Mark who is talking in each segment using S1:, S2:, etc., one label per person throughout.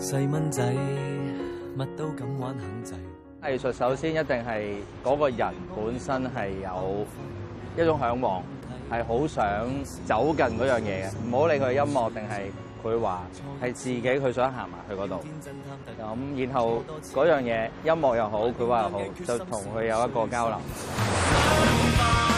S1: 細蚊仔，乜都敢玩肯制。
S2: 藝術首先一定係嗰個人本身係有一種向往，係好想走近嗰樣嘢嘅。唔好理佢音樂定係佢話係自己佢想行埋去嗰度。咁然後嗰樣嘢，音樂又好，佢話又好，就同佢有一個交流。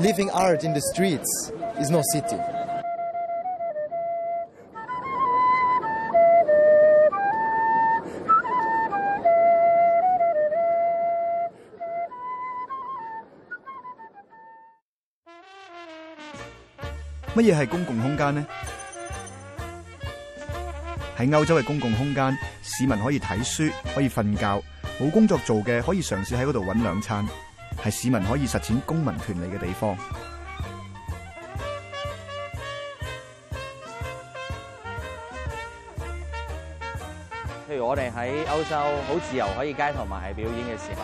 S3: Living art in the streets is no city。
S4: 乜嘢係公共空間呢？喺歐洲嘅公共空間，市民可以睇書，可以瞓覺，冇工作做嘅可以嘗試喺嗰度搵兩餐。係市民可以實踐公民權利嘅地方。譬如
S2: 我哋喺歐洲好自由，可以街頭賣藝表演嘅時候，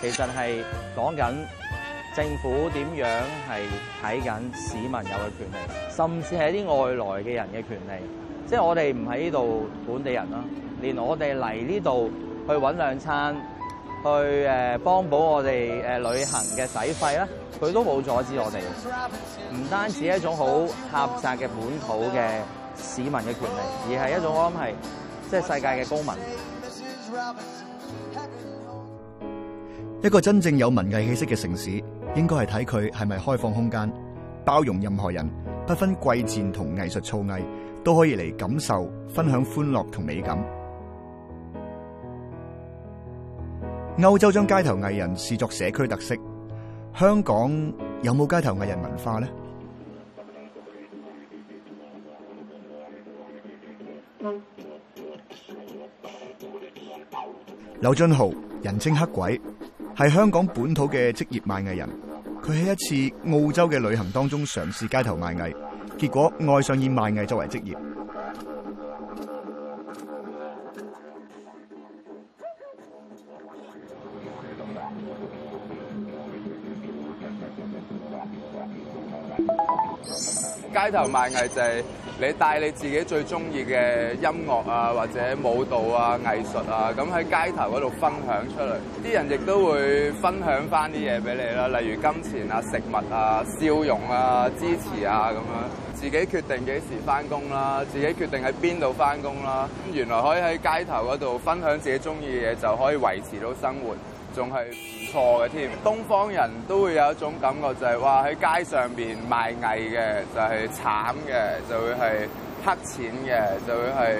S2: 其實係講緊政府點樣係睇緊市民有嘅權利，甚至係啲外來嘅人嘅權利。即係我哋唔喺呢度本地人啦，連我哋嚟呢度去揾兩餐。去誒幫補我哋誒旅行嘅使費啦，佢都冇阻止我哋。唔單止係一種好狹窄嘅本土嘅市民嘅權利，而係一種我諗係即係世界嘅公民。
S4: 一個真正有文藝氣息嘅城市，應該係睇佢係咪開放空間，包容任何人，不分貴賤同藝術造詣，都可以嚟感受、分享歡樂同美感。歐洲將街頭藝人視作社區特色，香港有冇街頭藝人文化呢？劉、嗯、俊豪，人稱黑鬼，係香港本土嘅職業賣藝人。佢喺一次澳洲嘅旅行當中嘗試街頭賣藝，結果愛上以賣藝作為職業。
S5: 街頭賣藝就係你帶你自己最中意嘅音樂啊，或者舞蹈啊、藝術啊，咁喺街頭嗰度分享出嚟，啲人亦都會分享返啲嘢俾你啦，例如金錢啊、食物啊、笑容啊、支持啊咁樣。自己決定幾時返工啦，自己決定喺邊度返工啦。咁原來可以喺街頭嗰度分享自己中意嘅嘢，就可以維持到生活。仲係唔錯嘅添，東方人都會有一種感覺就係話喺街上面賣藝嘅就係、是、慘嘅，就會係黑錢嘅，就會係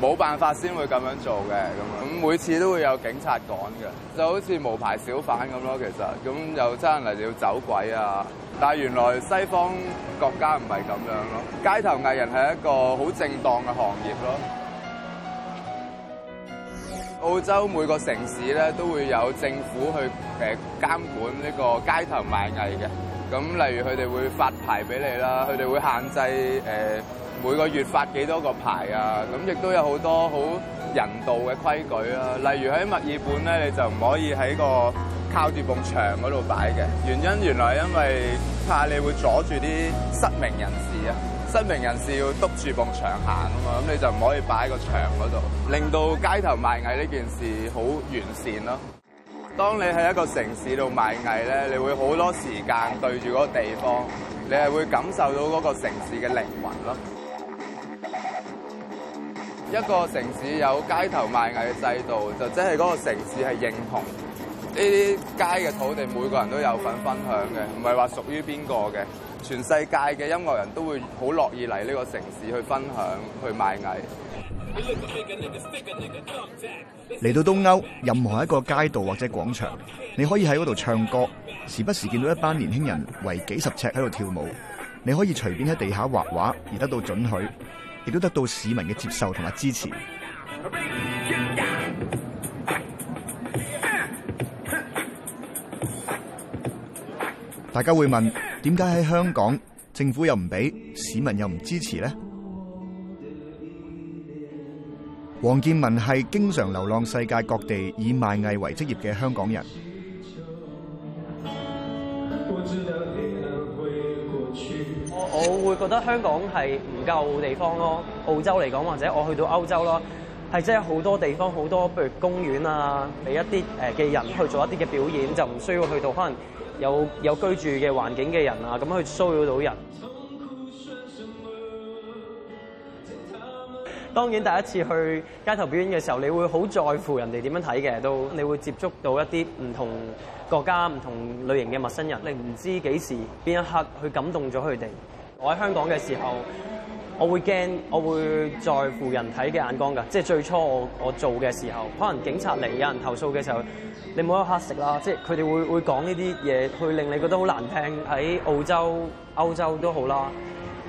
S5: 冇辦法先會咁樣做嘅咁啊，咁每次都會有警察趕嘅，就好似無牌小販咁咯，其實咁又真係嚟要走鬼啊！但係原來西方國家唔係咁樣咯，街頭藝人係一個好正當嘅行業咯。澳洲每個城市咧都會有政府去、呃、監管呢個街頭賣藝嘅，咁例如佢哋會發牌俾你啦，佢哋會限制、呃、每個月發幾多個牌啊，咁亦都有好多好人道嘅規矩啊。例如喺墨爾本咧，你就唔可以喺個靠住埲牆嗰度擺嘅，原因原來因為怕你會阻住啲失明人士啊。失明人士要篤住埲牆行啊嘛，咁你就唔可以擺喺個牆嗰度，令到街頭賣藝呢件事好完善咯。當你喺一個城市度賣藝咧，你會好多時間對住嗰個地方，你係會感受到嗰個城市嘅靈魂咯。一個城市有街頭賣藝嘅制度，就即係嗰個城市係認同呢啲街嘅土地，每個人都有份分享嘅，唔係話屬於邊個嘅。全世界嘅音樂人都會好樂意嚟呢個城市去分享、去賣藝。
S4: 嚟到東歐，任何一個街道或者廣場，你可以喺嗰度唱歌，時不時見到一班年輕人圍幾十尺喺度跳舞。你可以隨便喺地下畫畫，而得到準許，亦都得到市民嘅接受同埋支持。大家會問：點解喺香港政府又唔俾，市民又唔支持呢？黃建文係經常流浪世界各地以賣藝為職業嘅香港人。
S1: 我，我會覺得香港係唔夠地方咯。澳洲嚟講，或者我去到歐洲咯，係真係好多地方，好多，譬如公園啊，俾一啲誒嘅人去做一啲嘅表演，就唔需要去到可能。有有居住嘅環境嘅人啊，咁去騷擾到人。當然第一次去街頭表演嘅時候，你會好在乎人哋點樣睇嘅，都你會接觸到一啲唔同國家、唔同類型嘅陌生人。你唔知幾時邊一刻去感動咗佢哋。我喺香港嘅時候。我會驚，我會在乎人睇嘅眼光㗎。即係最初我我做嘅時候，可能警察嚟有人投訴嘅時候，你冇得黑色啦？即係佢哋會會講呢啲嘢，去令你覺得好難聽。喺澳洲、歐洲都好啦，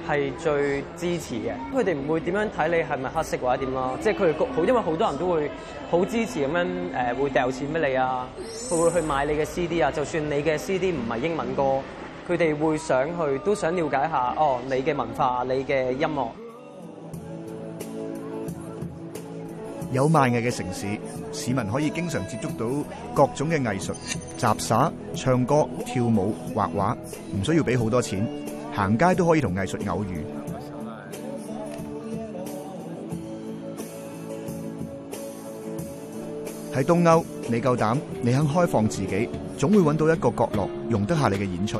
S1: 係最支持嘅。佢哋唔會點樣睇你係咪黑色或者點啦？即係佢哋好，因為好多人都會好支持咁樣誒，會掉錢俾你啊，佢會去買你嘅 CD 啊。就算你嘅 CD 唔係英文歌。佢哋會想去，都想了解下哦。你嘅文化，你嘅音樂。
S4: 有賣藝嘅城市，市民可以經常接觸到各種嘅藝術雜耍、唱歌、跳舞、畫畫，唔需要俾好多錢，行街都可以同藝術偶遇。喺東歐，你夠膽，你肯開放自己，總會揾到一個角落，容得下你嘅演出。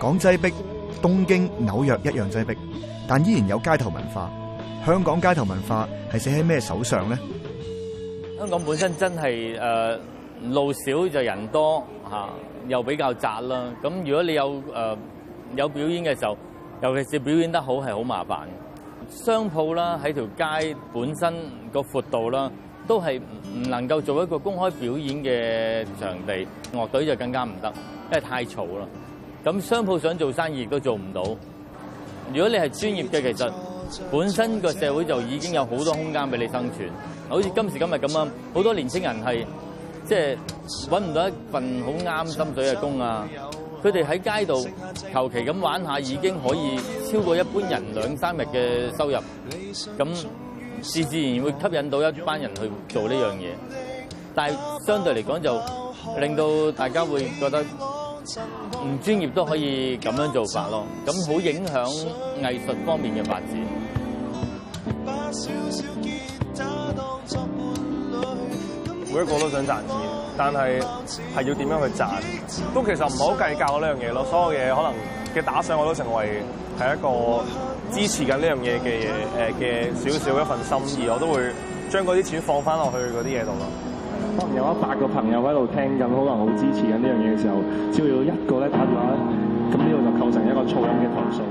S4: 港擠迫，東京、紐約一樣擠迫，但依然有街頭文化。香港街頭文化係寫喺咩手上咧？
S6: 香港本身真係、呃、路少就人多、啊、又比較窄啦。咁如果你有、呃、有表演嘅時候，尤其是表演得好係好麻煩。商鋪啦，喺條街本身個闊度啦，都係唔能夠做一個公開表演嘅場地。樂隊就更加唔得，因為太嘈啦。咁商鋪想做生意都做唔到。如果你係專業嘅，其實本身個社會就已經有好多空間俾你生存。好似今時今日咁樣，好多年青人係即係揾唔到一份好啱心水嘅工啊，佢哋喺街度求其咁玩下已經可以超過一般人兩三日嘅收入。咁自自然會吸引到一班人去做呢樣嘢，但係相對嚟講就令到大家會覺得。唔專業都可以咁樣做法咯，咁好影響藝術方面嘅發
S1: 展。
S6: 每一個都想賺錢，但係係要點樣去賺？都其
S3: 實唔係好計較呢樣嘢咯。所有嘢可能嘅打賞，我都成為係一個支
S6: 持緊呢樣嘢嘅嘢嘅少少一份心意，我都會將嗰啲錢放翻落去嗰啲嘢度咯。
S3: 可能有一百個朋友喺度聽緊，可能好支持緊呢樣嘢嘅時候，只要一個咧打電話，咁呢度就構成一個噪音嘅投
S1: 訴。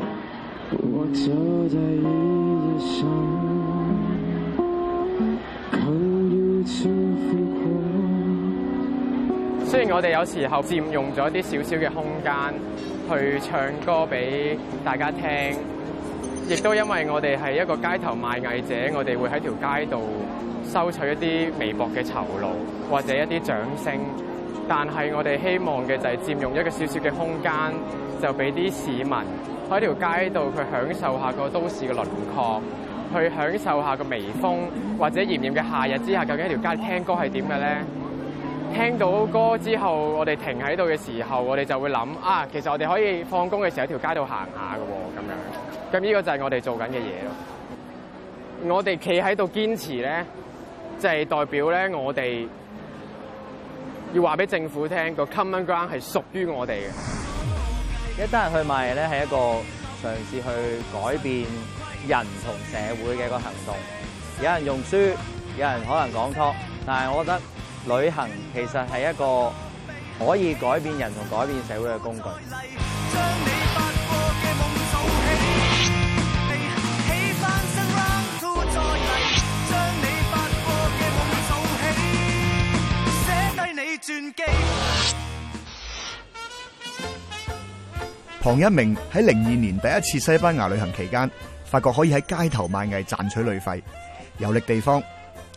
S5: 雖
S3: 然我哋有時候佔用咗啲少少嘅空間去唱歌俾大家聽，亦都因為我哋係一個街頭賣藝者，我哋會喺條街度。收取一啲微薄嘅酬勞或者一啲掌聲，但係我哋希望嘅就係佔用一個小小嘅空間，就俾啲市民喺條街度去享受下個都市嘅輪廓，去享受下個微風或者炎炎嘅夏日之下，究竟一條街聽歌係點嘅咧？聽到歌之後，我哋停喺度嘅時候，我哋就會諗啊，其實我哋可以放工嘅時候喺條街度行下嘅，咁樣。咁呢個就係我哋做緊嘅嘢咯。我哋企喺度堅持咧。即係代表咧，我哋要話俾政府聽，個 Common Ground 係屬於
S2: 我哋嘅。一單人去賣咧，係一個嘗試去改變人同社會嘅一個行動。有人用書，有人可能講 talk，但係我覺得旅行其實係一個可以改變人同改變社會嘅工具。
S4: 唐一鳴喺零二年第一次西班牙旅行期間，發覺可以喺街頭賣藝賺取旅費，遊歷地方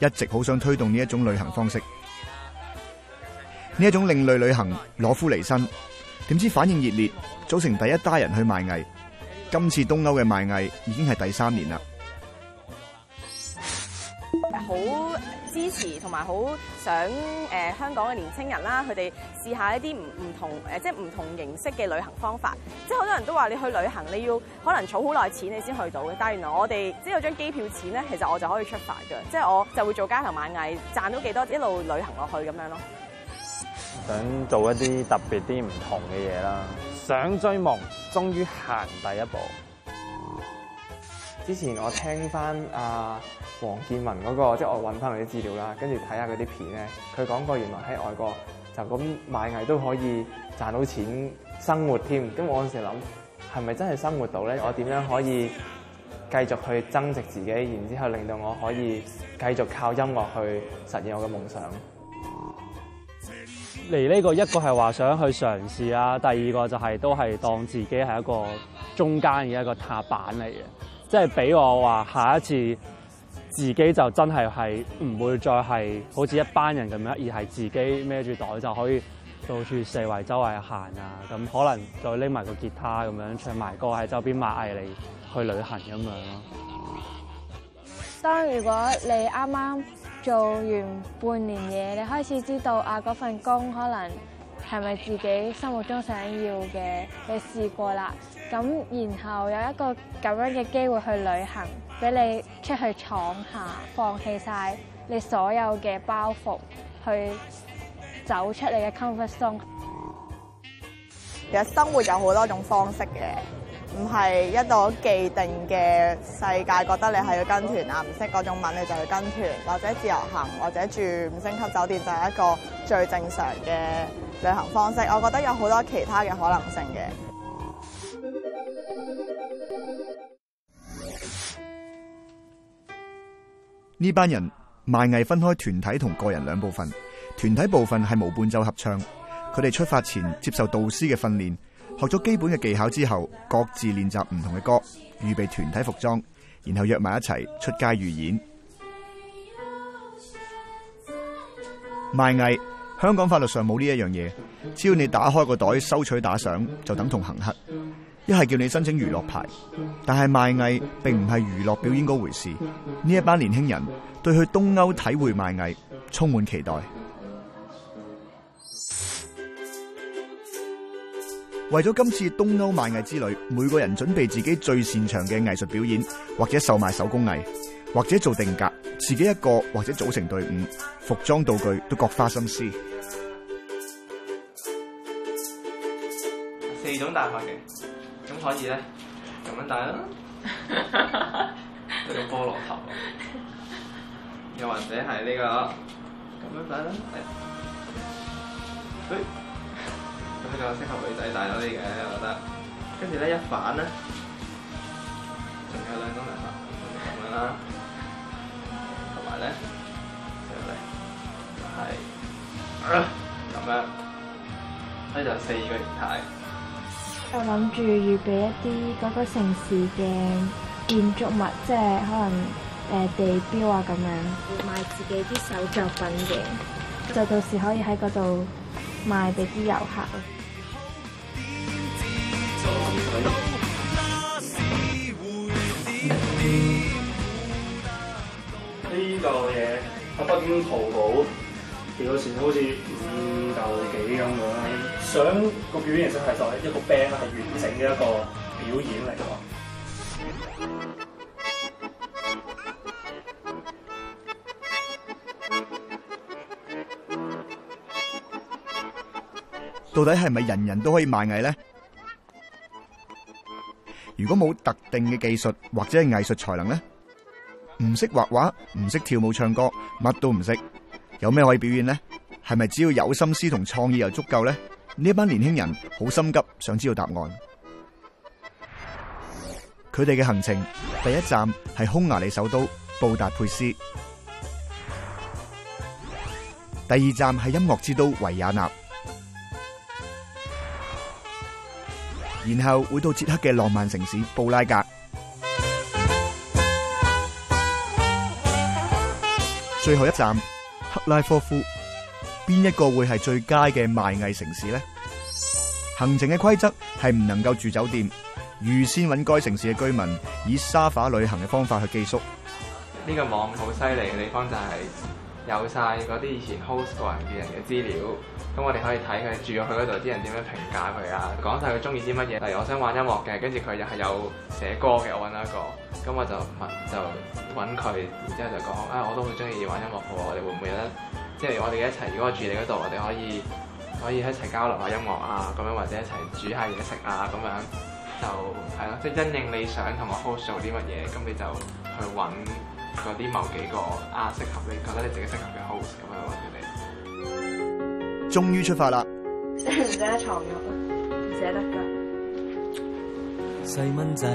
S4: 一直好想推動呢一種旅行方式。呢一種另類旅行，攞夫離身，點知反應熱烈，組成第一堆人去賣藝。今次東歐嘅賣藝已經係第三年啦。
S2: 好。支持同埋好想、呃、香港嘅年青人啦，佢哋試下一啲唔唔同即係唔同形式嘅旅行方法。即係好多人都話你去旅行，你要可能儲好耐錢你先去到嘅。但係原來我哋即係有張機票錢咧，其實我就可以出發嘅，即係我就會做街頭賣藝，
S3: 賺到幾多一路旅行落去咁樣咯。想做一啲特別啲唔同嘅嘢啦，想追夢，終於行第一步。之前我聽翻阿黃建文嗰、那個，即係我揾翻佢啲資料啦，跟住睇下嗰啲片咧，佢講過原來喺外國就咁賣藝都可以賺到錢生活添。咁我嗰陣時諗係咪真係生活到咧？我點樣可以繼續去增值自己，然後之後令到我可以繼續靠音樂去實現我嘅夢想？
S2: 嚟呢、這個一個係話想去嘗試啊，第二個就係、是、都係當自己係一個中間嘅一個踏板嚟嘅。即係俾我話，下一次自己就真係係唔會再係好似一班人咁樣，而係自己孭住袋就可以到處四圍周圍行啊！咁可能再拎埋個吉他咁樣唱埋歌喺周邊賣藝嚟去旅行咁樣咯。當如果你啱啱做完半年嘢，你開始知道啊，嗰份工可能。係咪自己心目中想要嘅？你試過啦，咁然後有一個咁樣嘅機會去旅行，俾你出去闖下，放棄晒你所有嘅包袱，去走出你嘅 comfort zone。其實生活有好多種方式嘅，唔係一到既定嘅世界，覺得你係要跟團啊，唔識嗰種文你就去跟團，或者自由行，或者住五星級酒店，就係一個最正常嘅。旅行方式，我覺得有好多其他嘅可能性嘅。
S4: 呢班人賣藝分開團體同個人兩部分，團體部分係無伴奏合唱。佢哋出發前接受導師嘅訓練，學咗基本嘅技巧之後，各自練習唔同嘅歌，預備團體服裝，然後約埋一齊出街預演賣藝。香港法律上冇呢一樣嘢，只要你打開個袋收取打賞，就等同行乞。一係叫你申請娛樂牌，但係賣藝並唔係娛樂表演嗰回事。呢一班年輕人對去東歐體會賣藝充滿期待。為咗今次東歐賣藝之旅，每個人準備自己最擅長嘅藝術表演或者售賣手工藝。或者做定格，自己一個或者組成隊伍，服裝道具都各花心思。
S3: 四種戴法嘅，咁可以咧，咁樣戴咯，都用 菠蘿頭， 又或者係呢、這個咁樣戴啦，誒，咁就適合女仔戴多啲嘅，我覺得。跟住咧一反咧，仲有兩種戴法，咁樣啦。咧，就係咁樣呢就四個
S2: 形態。我諗住預備一啲嗰個城市嘅建築物，即係可能呃、地標啊，咁樣，賣自己啲手作品嘅，就到時可以喺嗰度賣俾啲遊客 呢個嘢喺北京淘寶幾多錢？好似五嚿幾咁樣。想個表演形式係就係一個 band，係完整嘅一個表演嚟㗎。
S4: 到底係咪人人都可以賣藝咧？如果冇特定嘅技術或者藝術才能咧？唔識畫畫，唔識跳舞唱歌，乜都唔識，有咩可以表現呢？係咪只要有心思同創意就足夠呢？呢班年輕人好心急，想知道答案。佢哋嘅行程第一站係匈牙利首都布達佩斯，第二站係音樂之都維也納，然後會到捷克嘅浪漫城市布拉格。最後一站，克拉科夫，邊一個會係最佳嘅賣藝城市呢？行程嘅規則係唔能夠住酒店，預先揾該城市嘅居民以沙發旅行嘅方法去寄宿。
S3: 呢個網好犀利嘅地方就係、是。有晒嗰啲以前 host 過人嘅人嘅資料，咁我哋可以睇佢住咗佢嗰度啲人點樣評價佢啊，講晒佢中意啲乜嘢，例如我想玩音樂嘅，跟住佢又係有寫歌嘅，我揾一個，咁我就問就揾佢，然之後就講啊，哎，我都好中意玩音樂喎，我哋會唔會咧？即係我哋一齊如果我住你嗰度，我哋可以可以一齊交流下音樂啊，咁樣或者一齊煮下嘢食啊，咁樣就係咯，即係因應你想同我 host 做啲乜嘢，咁你就去揾。
S4: 啲某幾個啊，適合你覺得你自己適合嘅 h 咁樣問佢哋。終於出發啦！唔 捨得
S1: 藏入，唔捨得㗎。細蚊仔，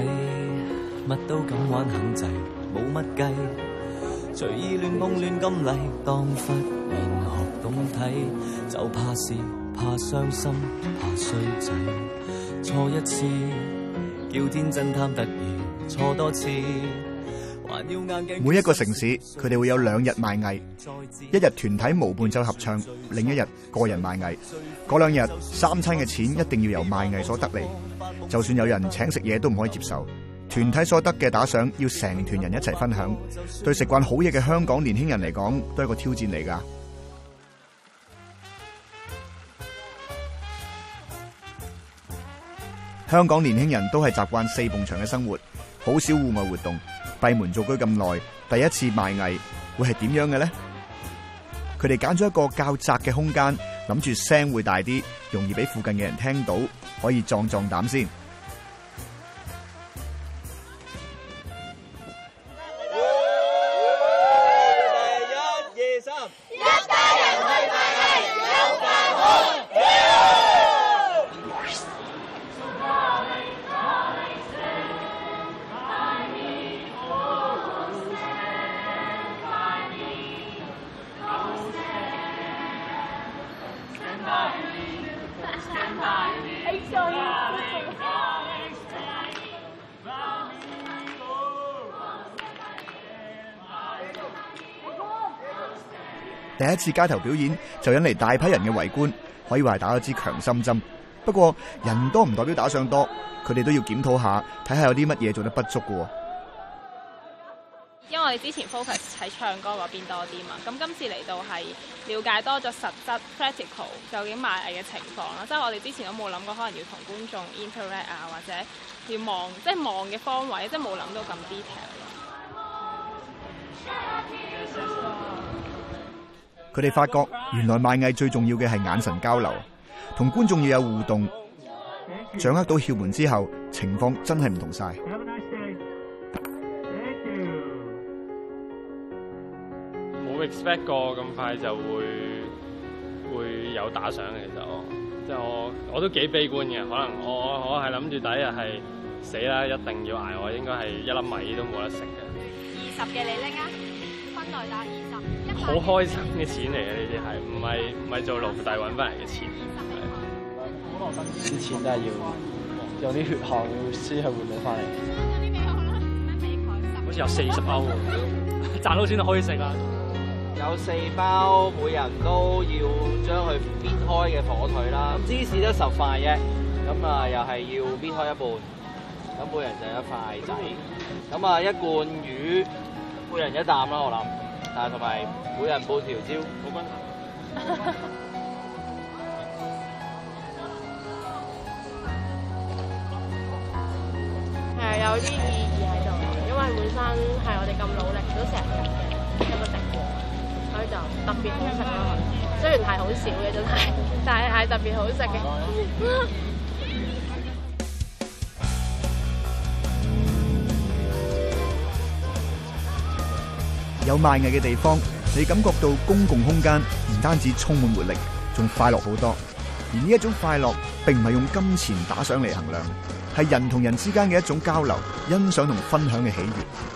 S1: 乜都敢玩肯制，冇乜計，隨意亂碰亂咁嚟，當忽然學懂睇，就怕是怕傷心，怕衰仔。錯一次，叫天真貪得意；錯多次。每一個城
S4: 市，佢哋會有兩日賣藝，一日團體無伴奏合唱，另一日個人賣藝。嗰兩日三餐嘅錢一定要由賣藝所得嚟，就算有人請食嘢都唔可以接受。團體所得嘅打賞要成團人一齊分享。對食慣好嘢嘅香港年輕人嚟講，都係個挑戰嚟㗎。香港年輕人都係習慣四埲牆嘅生活，好少戶外活動。閉門造車咁耐，第一次賣藝會係點樣嘅咧？佢哋揀咗一個較窄嘅空間，諗住聲會大啲，容易俾附近嘅人聽到，可以壯壯膽先。一次街頭表演就引嚟大批人嘅圍觀，可以話係打咗支強心針。不過人多唔代表打賞多，佢哋都要檢討下，睇下有啲乜嘢做得不足嘅。
S1: 因為我哋之前 focus 喺唱歌嗰邊多啲嘛，咁今次嚟到係了解多咗實質 practical 究竟賣藝嘅情況啦。即係我哋之前都冇諗過可能要同觀眾 interact 啊，或者要望即係望嘅方位，即係冇諗到咁
S6: detail。
S4: 佢哋發覺原來賣藝最重要嘅係眼神交流，同觀眾要有互動。掌握到竅門之後，情況真係唔同晒。
S6: 冇 expect 過咁快就會會有打賞嘅。其實我即係我我都幾悲觀嘅，可能我我係諗住第一日係死啦，一定要挨，我應該係一粒米
S3: 都冇得食嘅。二
S2: 十嘅你拎啊，分內打好開心嘅
S3: 錢嚟嘅呢啲係，唔係唔係做勞大揾翻嚟嘅錢。
S2: 啲
S3: 錢 都係要有啲血汗先係換到翻嚟。
S2: 好似有四十包喎，賺到錢就可以食啦。有四包，每人都要將佢搣開嘅火腿啦，咁芝士得十塊啫，咁啊又係要搣開一半，咁每人就一塊仔，咁啊一罐魚，每人一啖啦，我諗。同埋每人半條蕉，
S6: 好均衡。係 有啲意義喺度，因
S2: 為本身係我哋咁努力，都成日嘅一個成果，所以就特別好食咯。雖然係好少嘅真係，但係係特別好食嘅。
S4: 有賣藝嘅地方，你感覺到公共空間唔單止充滿活力，仲快樂好多。而呢一種快樂，並唔係用金錢打賞嚟衡量，係人同人之間嘅一種交流、欣賞同分享嘅喜悅。